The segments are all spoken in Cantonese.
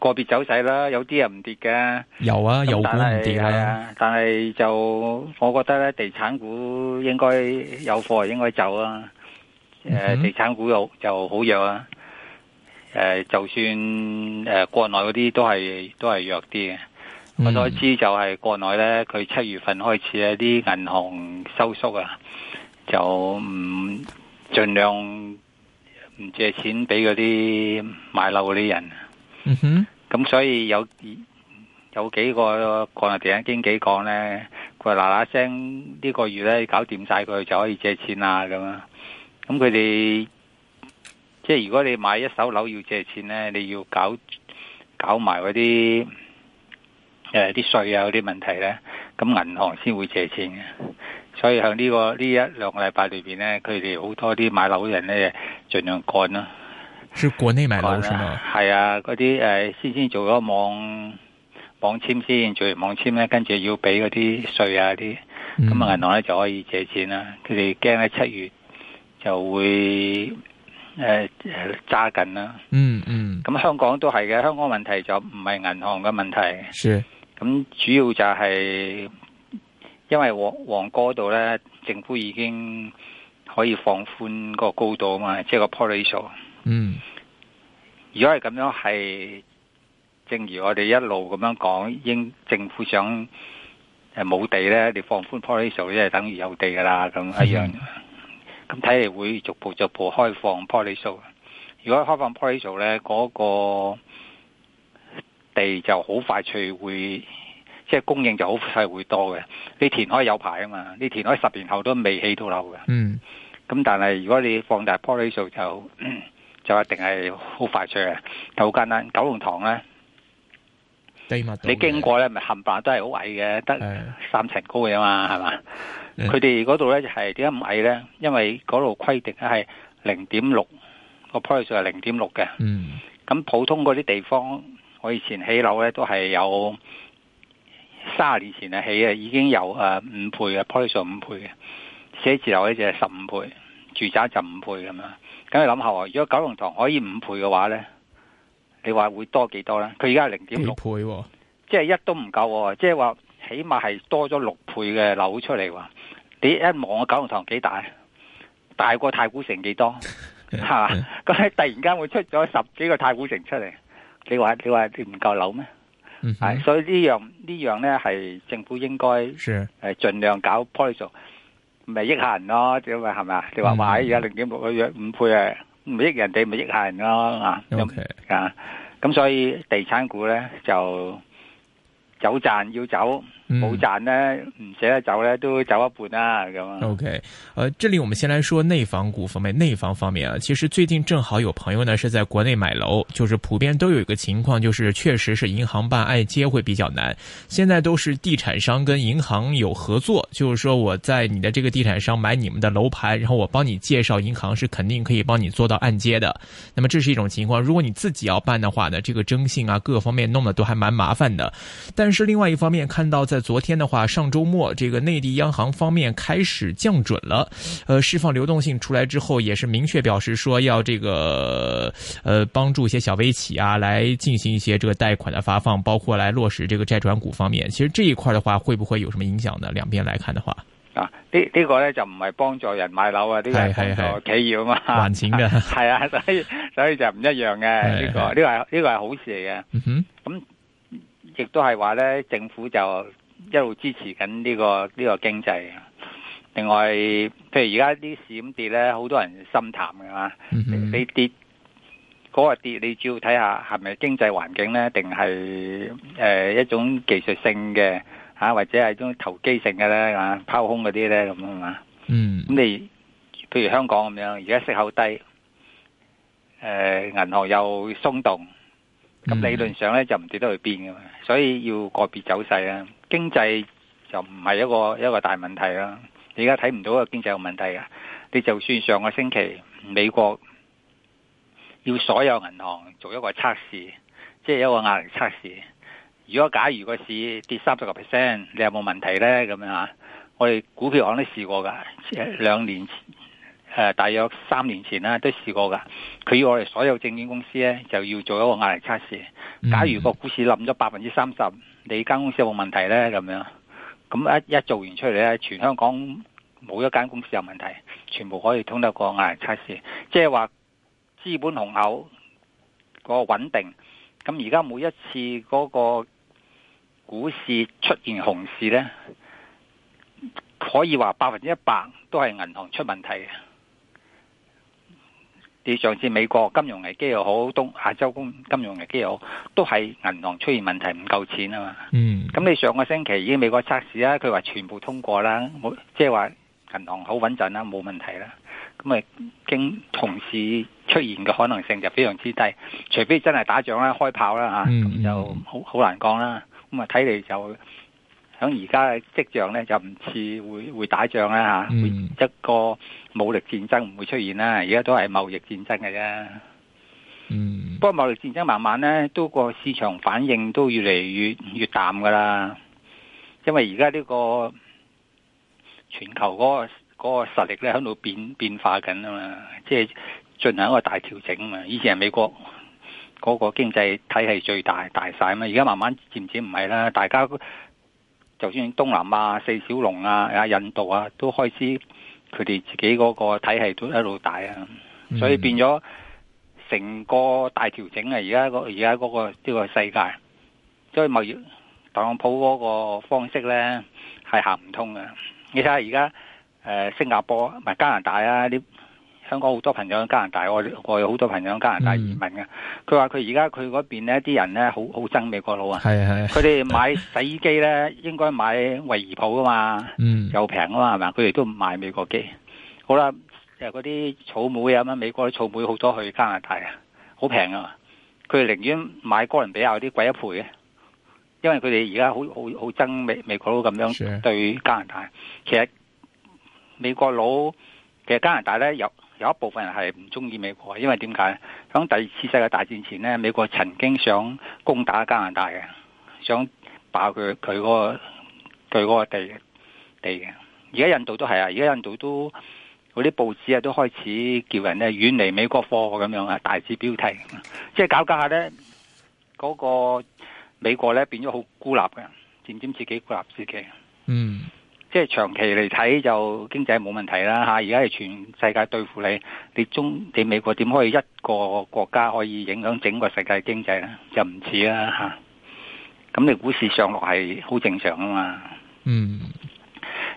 個別走仔走勢啦，有啲人唔跌嘅。有啊，有股唔跌啦。但係就我覺得咧，地產股應該有貨，應該走啊。誒，地產股又就好弱啊。誒，就算誒國內嗰啲都係都係弱啲嘅。我所知就係國內咧，佢七月份開始啊啲銀行收縮啊，就唔盡量唔借錢俾嗰啲買樓嗰啲人。嗯哼。咁所以有有幾個個人電影經紀講咧，佢話嗱嗱聲，呢個月咧搞掂曬佢就可以借錢啦。咁咁佢哋即係如果你買一手樓要借錢咧，你要搞搞埋嗰啲誒啲稅啊嗰啲問題咧，咁銀行先會借錢嘅。所以喺呢個呢一兩個禮拜裏邊咧，佢哋好多啲買樓人咧，盡量幹啦。是國內買樓那是嗎？係啊，嗰啲誒先先做咗網網簽先，做完網簽咧，跟住要俾嗰啲稅啊啲，咁啊銀行咧就可以借錢啦。佢哋驚喺七月就會誒揸緊啦。嗯嗯，咁香港都係嘅，香港問題就唔係銀行嘅問題。是，咁主要就係、是、因為黃黃哥度咧，政府已經可以放寬個高度啊嘛，即係個 policy。嗯，如果係咁樣，係正如我哋一路咁樣講，應政府想誒冇、呃、地咧，你放寬 policy 數，即係等於有地噶啦，咁一樣。咁睇嚟會逐步逐步開放 policy 如果開放 policy 咧，個地就好快脆會，即係供應就好快會多嘅。你填海有排啊嘛，你填海十年後都未起到樓嘅。嗯。咁但係如果你放大 policy 就。就一定係好快脆嘅，就好簡單。九龍塘咧，脈你經過咧，咪冚唪唥都係好矮嘅，得三層高嘅嘛，係嘛的？佢哋嗰度咧就係點解唔矮咧？因為嗰度規定咧係零點六個 plot ratio 係零點六嘅。咁、嗯、普通嗰啲地方，我以前起樓咧都係有三十年前啊起啊，已經有誒五倍嘅 plot ratio，五倍嘅寫字樓咧就係十五倍，住宅就五倍咁樣。咁你諗下喎。如果九龍塘可以五倍嘅話咧，你話會多幾多咧？佢而家零點六倍，哦即，即係一都唔夠，即係話起碼係多咗六倍嘅樓出嚟話。你一望九龍塘幾大，大過太古城幾多，係嘛？咁你突然間會出咗十幾個太古城出嚟，你話你話你唔夠樓咩？係、嗯哼，所以呢樣，樣呢樣咧係政府應該是盡盡量搞 policy 咪益下人咯，點咪係咪啊？你話買而家零點六嘅約五倍啊，唔益人哋咪益下人咯啊咁，啊，咁 Okay. 所以地產股咧就走賺要走。冇、嗯、賺呢，唔捨得走呢都走一半啦咁。OK，呃，這裏我們先來說內房股方面，內房方面啊，其實最近正好有朋友呢是在國內買樓，就是普遍都有一個情況，就是確實是銀行辦按揭會比較難。現在都是地產商跟銀行有合作，就是說我在你的這個地產商買你們的樓盤，然後我幫你介紹銀行，是肯定可以幫你做到按揭的。那麼這是一種情況，如果你自己要辦的話呢，這個徵信啊，各方面弄得都還蠻麻煩的。但是另外一方面，看到在昨天的話，上周末這個內地央行方面開始降準了，呃，釋放流動性出來之後，也是明確表示說要這個呃幫助一些小微企業啊，來進行一些這個貸款的發放，包括來落實這個債轉股方面。其實這一塊的話，會不會有什麼影響呢？兩邊來看的話啊，這呢，這個呢就唔係幫助人買樓啊，這個幫助企業嘛，還錢嘅係啊，所以所以就唔一樣嘅呢是是、這個，呢是是、這個呢，這個係好事嚟嘅，嗯哼，咁亦都係話呢政府就。一路支持緊呢、這個呢、這個經濟。另外，譬如而家啲市咁跌咧，好多人心淡㗎嘛。嗯、哼你跌嗰、那個跌，你主要睇下係咪經濟環境咧，定係、呃、一種技術性嘅、啊、或者係一種投機性嘅咧嚇，拋、啊、空嗰啲咧咁樣嘛。嗯。咁你譬如香港咁樣，而家息口低，銀、呃、行又鬆動，咁理論上咧就唔跌得去邊㗎嘛。所以要個別走勢啊。經濟就唔係一個一個大問題啦，你而家睇唔到個經濟有問題啊！你就算上個星期美國要所有銀行做一個測試，即係一個壓力測試。如果假如個市跌三十個 percent，你有冇問題呢？咁樣啊，我哋股票行都試過噶，兩年前誒，大約三年前啦，都試過噶。佢要我哋所有證券公司呢，就要做一個壓力測試。假如個股市冧咗百分之三十。你間公司有冇問題呢？咁樣，咁一一做完出嚟咧，全香港冇一間公司有問題，全部可以通過個壓力測試。即係話資本雄厚，個穩定。咁而家每一次嗰個股市出現熊市呢，可以話百分之一百都係銀行出問題嘅。你上次美國金融危機又好，東亞洲金融危機又好，都係銀行出現問題唔夠錢啊嘛。嗯。咁你上個星期已經美國測試啦，啊，佢話全部通過啦，即係話銀行好穩陣啦，冇問題啦。咁啊，經同時出現嘅可能性就非常之低，除非真係打仗啦，開炮啦吓咁，嗯啊，就好好難講啦。咁啊，睇嚟就。響而家嘅跡象咧，就唔似會會打仗啦嚇，一個、嗯這個武力戰爭唔會出現啦。而家都係貿易戰爭嘅啫。嗯，不過貿易戰爭慢慢咧，都個市場反應都越嚟越越淡噶啦。因為而家呢個全球嗰、嗰個嗰實力咧，喺度變變化緊啊嘛，即係進行一個大調整啊嘛。以前係美國嗰個經濟體係最大大晒啊嘛，而家慢慢漸漸唔係啦，大家。就算東南亞、四小龍啊、啊印度啊，都開始佢哋自己嗰個體系都一路大啊，所以變咗成個大調整啊！而家嗰個而家嗰個呢個世界，所以物業當鋪嗰個方式咧係行唔通嘅。你睇下而家誒新加坡唔係加拿大啊啲。香港好多朋友喺加拿大，我我有好多朋友喺加拿大移民嘅。佢話佢而家佢嗰邊咧啲人咧好好憎美國佬啊！係啊佢哋買洗衣機咧 應該買惠而浦啊嘛，嗯、又平啊嘛係咪？佢哋都唔買美國機。好啦，就嗰、是、啲草莓啊，咁美國啲草莓好多去加拿大啊，好平啊嘛！佢哋寧願買哥倫比亞啲貴一倍啊，因為佢哋而家好好好憎美美國佬咁樣對加拿大。的其實美國佬其實加拿大咧有。有一部分人係唔中意美國，因為點解？響第二次世界大戰前咧，美國曾經想攻打加拿大嘅，想爆佢佢嗰個佢嗰個地地嘅。而家印，印度都係啊，而家印度都嗰啲報紙啊都開始叫人咧遠離美國貨咁樣啊，大字標題。即係搞一搞一下咧，嗰、嗰個美國咧變咗好孤立嘅，漸漸自己孤立自己。嗯。即係長期嚟睇就經濟冇問題啦嚇，而家係全世界對付你，你中你美國點可以一個國家可以影響整個世界的經濟咧？就唔似啦嚇。咁你股市上落係好正常啊嘛。嗯。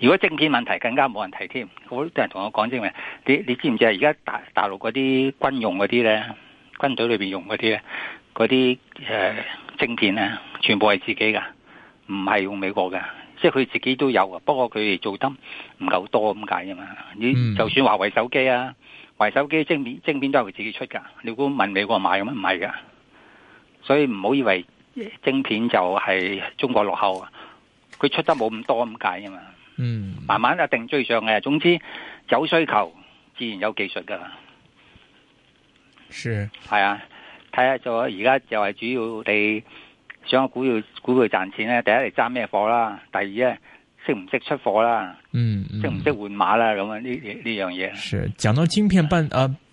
如果晶片問題更加冇人提添，好多人同我講證明，你你知唔知啊？而家大大陸嗰啲軍用嗰啲咧，軍隊裏邊用嗰啲咧，嗰啲誒晶片咧，全部係自己噶，唔係用美國噶。即係佢自己都有嘅，不過佢哋做得唔夠多咁解啊嘛。你就算華為手機啊，華為手機晶片、晶片都係佢自己出噶。你估問美國買嘅咩？唔係噶。所以唔好以為晶片就係中國落後啊，佢出得冇咁多咁解啊嘛。嗯，慢慢一定追上嘅。總之有需求，自然有技術噶。是，係啊，睇下就而家就係主要地。想我估要估佢賺錢咧，第一嚟揸咩貨啦，第二咧識唔識出貨啦，嗯，嗯，識唔識換馬啦，咁啊呢呢樣嘢。樣係講到晶片半啊。呃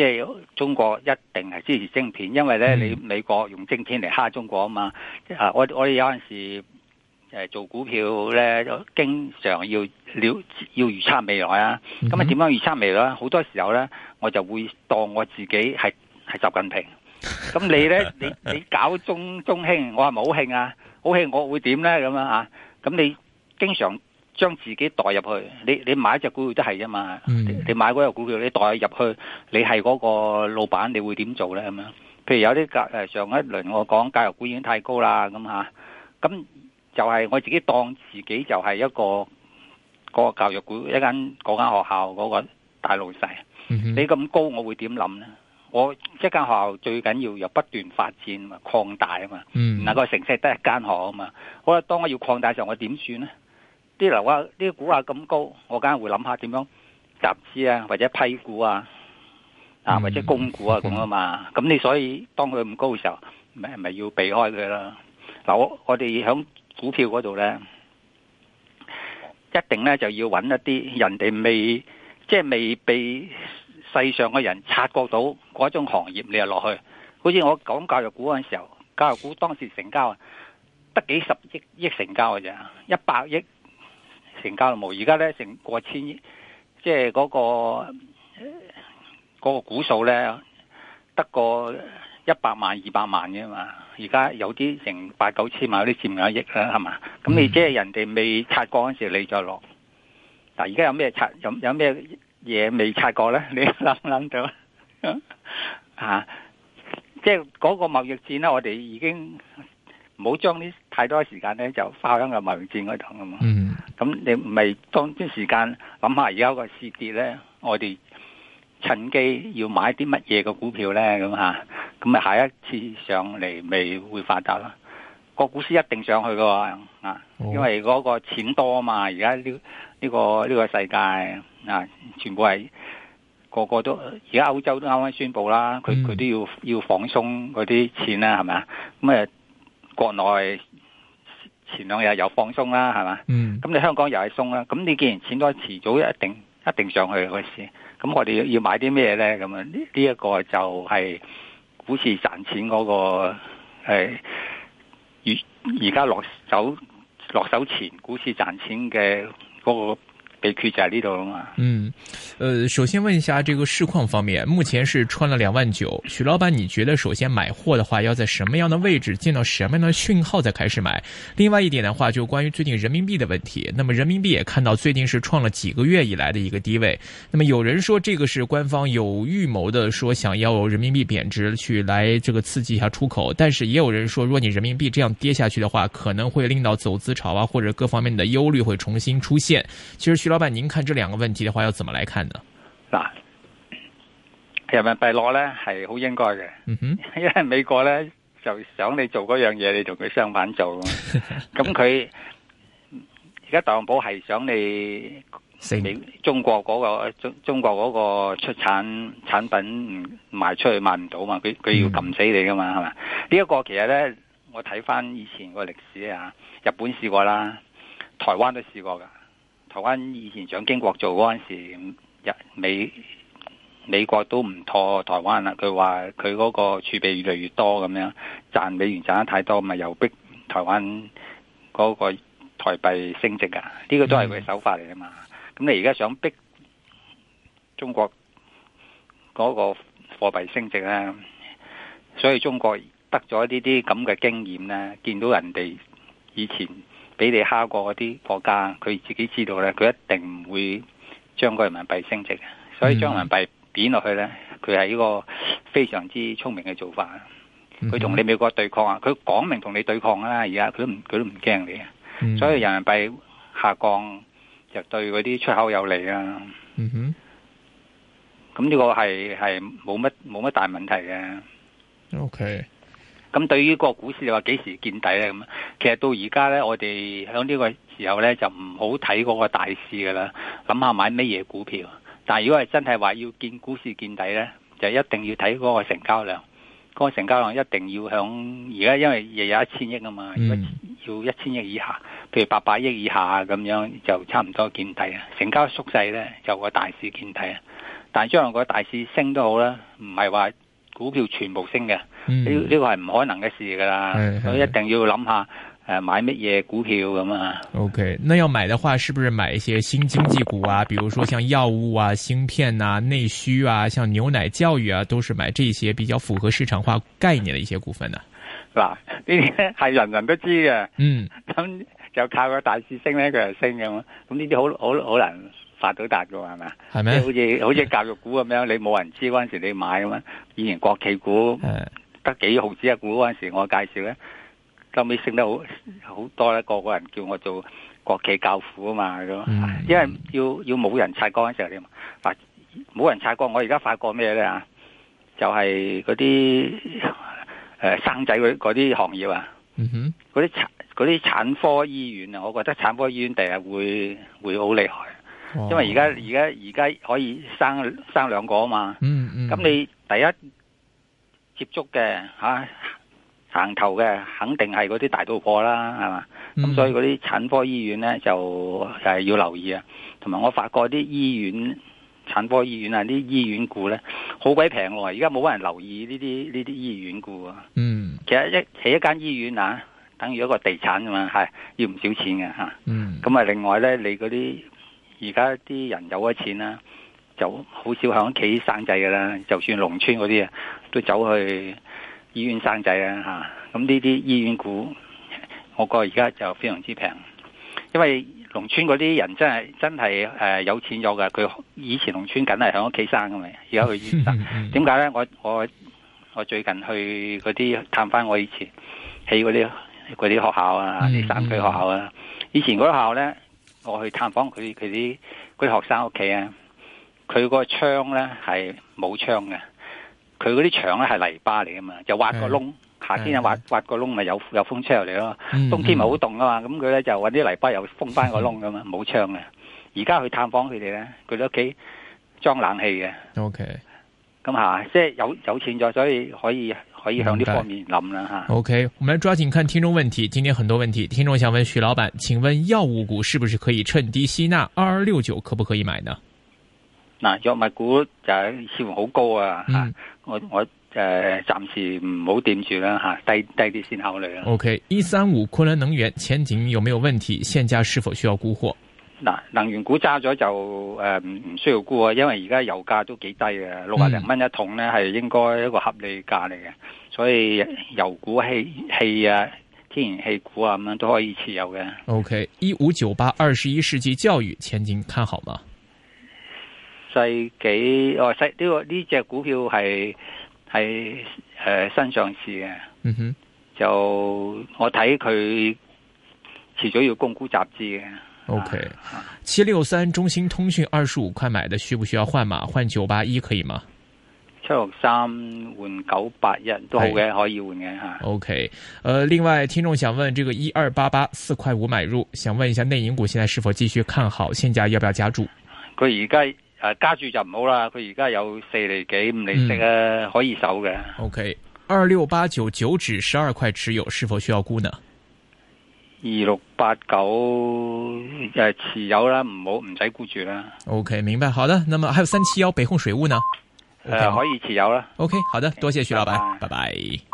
即係中國一定係支持晶片，因為咧你美國用晶片嚟蝦中國啊嘛。啊，我我哋有陣時誒做股票咧，經常要了要預測未來啊。咁啊點樣預測未來咧？好多時候咧，我就會當我自己係係習近平。咁你咧，你你搞中中興，我係咪好興啊？好興，我會點咧？咁樣啊？咁你經常。將自己代入去，你你買一隻股票都係啊嘛、嗯你。你買嗰隻股票，你代入去，你係嗰個老闆，你會點做咧？咁樣，譬如有啲教，誒，上一輪我講教育股已經太高啦，咁吓，咁就係我自己當自己就係一個、那個教育股一間嗰間學校嗰個大老細。嗯嗯、你咁高我會點諗咧？我一間學校最緊要又不斷，發展啊，擴大啊嘛。嗱，個城市得一間學啊嘛，好啦，當我要擴大時候，我點算咧？啲樓啊，呢啲股啊咁高，我梗係會諗下點樣集資啊，或者批股啊，啊或者供股啊咁啊嘛。咁、嗯嗯嗯、你所以當佢咁高嘅時候，咪咪要避開佢啦。嗱，我我哋喺股票嗰度咧，一定咧就要揾一啲人哋未即係、就是、未被世上嘅人察覺到嗰種行業，你又落去。好似我講教育股嗰陣時候，教育股當時成交啊得幾十億億成交嘅啫，一百億。成交都冇，而家咧成過千億，即係嗰個嗰、嗰個股數咧得個一百萬二百萬啫嘛。而家有啲成八九千萬，有啲接近一億啦，係嘛。咁你即係人哋未拆過嗰陣時候，你再落。嗱，而家有咩拆？有有咩嘢未拆過咧？你諗唔諗到 啊？即係嗰個貿易戰咧，我哋已經唔好將啲。太多時間咧，就花喺個民戰嗰度啊嘛。咁、嗯、你唔係當啲時間諗下，而家個市跌咧，我哋趁機要買啲乜嘢嘅股票咧？咁嚇，咁咪下一次上嚟咪會發達咯？個股市一定上去嘅喎，啊，因為嗰個錢多啊嘛。而家呢呢個呢、呢個世界啊，全部係個個都而家歐洲都啱啱宣布啦，佢佢都要要放鬆嗰啲錢啦，係咪啊？咁誒國內。前兩日又放鬆啦，係嘛？咁、嗯、你香港又係鬆啦，咁你既然錢都，遲早一定一定上去嗰時。咁我哋要買啲咩咧？咁啊，呢呢一個就係股市賺錢嗰、嗰個係而家落手落手前股市賺錢嘅嗰、嗰個被缺在呢度嘛？嗯，呃，首先問一下這個市況方面，目前是穿了兩萬九。徐老闆，你覺得首先買貨的話，要在什麼樣的位置見到什麼樣的訊號再開始買？另外一點的話，就關於最近人民幣的問題。那麼人民幣也看到最近是創了幾個月以來的一個低位。那麼有人說這個是官方有預謀的，說想要人民幣貶值去來這個刺激一下出口。但是也有人說，如果你人民幣這樣跌下去的話，可能會令到走資潮啊或者各方面的憂慮會重新出現。其實徐。老闆，您看這兩個問題的話，要怎麼來看呢？嗱，人民幣落咧係好應該嘅，嗯、哼因為美國咧就想你做嗰樣嘢，你同佢相反做，咁佢而家特朗普係想你，你中國嗰、那個中中國嗰個出產產品賣出去賣唔到嘛，佢佢要撳死你噶嘛，係嘛、嗯？呢一、這個其實咧，我睇翻以前個歷史啊，日本試過啦，台灣都試過噶。台灣以前蔣經國做嗰陣時，日美美國都唔妥台灣啦。佢話佢嗰個儲備越嚟越多咁樣賺美元賺得太多，咪又逼台灣嗰個台幣升值啊！呢個都係佢手法嚟啊嘛。咁是的 你而家想逼中國嗰個貨幣升值咧，所以中國得咗呢啲咁嘅經驗咧，見到人哋以前。俾你蝦過嗰啲國家，佢自己知道咧，佢一定唔會將個人民幣升值嘅，所以將人民幣貶落去咧，佢係一個非常之聰明嘅做法。佢同你美國對抗啊，佢講明同你對抗啦，而家佢都唔佢都唔驚你啊。所以人民幣下降就對嗰啲出口有利啊。嗯哼，咁呢個係係冇乜冇乜大問題嘅。OK。咁對於個股市你話幾時見底呢？咁其實到而家呢，我哋喺呢個時候呢，就唔好睇嗰個大市噶啦，諗下買咩嘢股票。但係如果係真係話要見股市見底呢，就一定要睇嗰個成交量。嗰、嗰個成交量一定要響而家，因為日日有一千億啊嘛。要一千億以下，譬如八百億以下咁樣，就差唔多見底啊。成交縮細呢，就個大市見底啊。但將來個大市升都好啦，唔係話。股票全部升嘅，呢、這、呢個係唔、這個、可能嘅事噶啦，嗯、所以一定要諗下，誒、呃、買乜嘢股票咁啊？OK，那要買的話，是不是買一些新經濟股啊？比如說像藥物啊、芯片啊、內需啊、像牛奶、教育，啊，都是買這些比較符合市場化概念的一些股份呢、啊？嗱、啊，呢啲係人人都知嘅，嗯，咁就靠個大市升咧，佢就升嘅嘛，咁呢啲好好難。很很難發到達嘅喎，係咪嗎好似好似教育股咁樣，你冇人知嗰陣時，你買咁嘛。以前國企股的得幾毫子一股嗰陣時候，我介紹咧，後尾升得好好多咧。個個人叫我做國企教父啊嘛咁，因為要要冇人察覺嗰陣時啊嘛，冇人察覺。我而家發覺咩咧啊？就係嗰啲誒生仔嗰啲行業啊，嗰啲產啲產科醫院啊，我覺得產科醫院第日會會好厲害。因為而家而家而家可以生生兩個啊嘛，咁，嗯嗯，你第一接觸嘅吓行頭嘅，肯定係嗰啲大肚婆啦，係嘛，咁，嗯，所以嗰啲產科醫院咧就係、就係、要留意啊。同埋我發覺啲醫院產科醫院啊，啲醫院股咧好鬼平喎，而家冇乜人留意呢啲呢啲醫院股啊。嗯，其實一起一間醫院啊，等於一個地產咁嘛，係要唔少錢嘅吓。啊，嗯，咁啊，另外咧你嗰啲。而家啲人有咗錢啦、啊，就好少喺屋企生仔噶啦。就算農村嗰啲啊，都走去醫院生仔啊嚇。咁呢啲醫院股，我覺得而家就非常之平。因為農村嗰啲人真係真係有錢咗㗎。佢以前農村梗係喺屋企生噶嘛，而家去醫院生。點解咧？我我我最近去嗰啲探翻我以前喺嗰啲啲學校啊，啲山區學校啊，以前嗰個學校咧。我去探訪佢佢啲佢啲學生屋企啊，佢個窗咧係冇窗嘅，佢嗰啲牆咧係泥巴嚟嘅嘛，就挖個窿，夏天啊挖 Yeah. 挖個窿咪有有風吹入嚟咯，冬天咪好凍啊嘛。咁佢咧就搵啲泥巴又封翻個窿咁嘛，冇 Yeah. 窗嘅。而家去探訪佢哋咧，佢哋屋企裝冷氣嘅。OK，咁吓即係有有錢咗，所以可以。可以向呢方面諗啦吓。OK，我們來抓緊看聽眾問題。今天很多問題，聽眾想問徐老闆，請問藥物股是不是可以趁低吸納？二二六九可不可以買呢？嗱，藥物股就係似乎好高啊，吓、嗯，我我誒，暫時唔好掂住啦吓，低低啲先考慮啦。OK，一三五昆侖能源前景有沒有問題？現價是否需要沽貨？嗱，能源股揸咗就誒唔唔需要沽啊，因為而家油價都幾低嘅，六百零蚊一桶咧係應該一個合理價嚟嘅，所以油股氣氣啊天然氣股啊咁樣都可以持有嘅。O K，一五九八二十一世紀教育前景看好嗎？世紀哦，世呢、這個呢隻、這個這個、股票係係誒新上市嘅，嗯哼，就我睇佢遲早要供股集資嘅。OK，七六三，中興通訊二十五塊買的，需不需要換碼？換九八一可以嗎？七六三換九八一都好嘅，是可以換嘅吓。OK，呃，另外聽眾想問這個一二八八四塊五買入，想問一下內銀股現在是否繼續看好？現價要不要加注？佢而家呃加注就唔好啦，佢而家有四厘幾五厘息啊，嗯、可以守嘅。OK，二六八九九指十二塊持有，是否需要沽呢？二六八九誒，89, 持有啦，唔好唔使沽住啦。O、okay, K，明白，好的。那麼還有三七幺北控水務呢？誒、okay. 呃，可以持有啦。O、okay, K，好的，多謝徐老板，拜拜 bye。Bye bye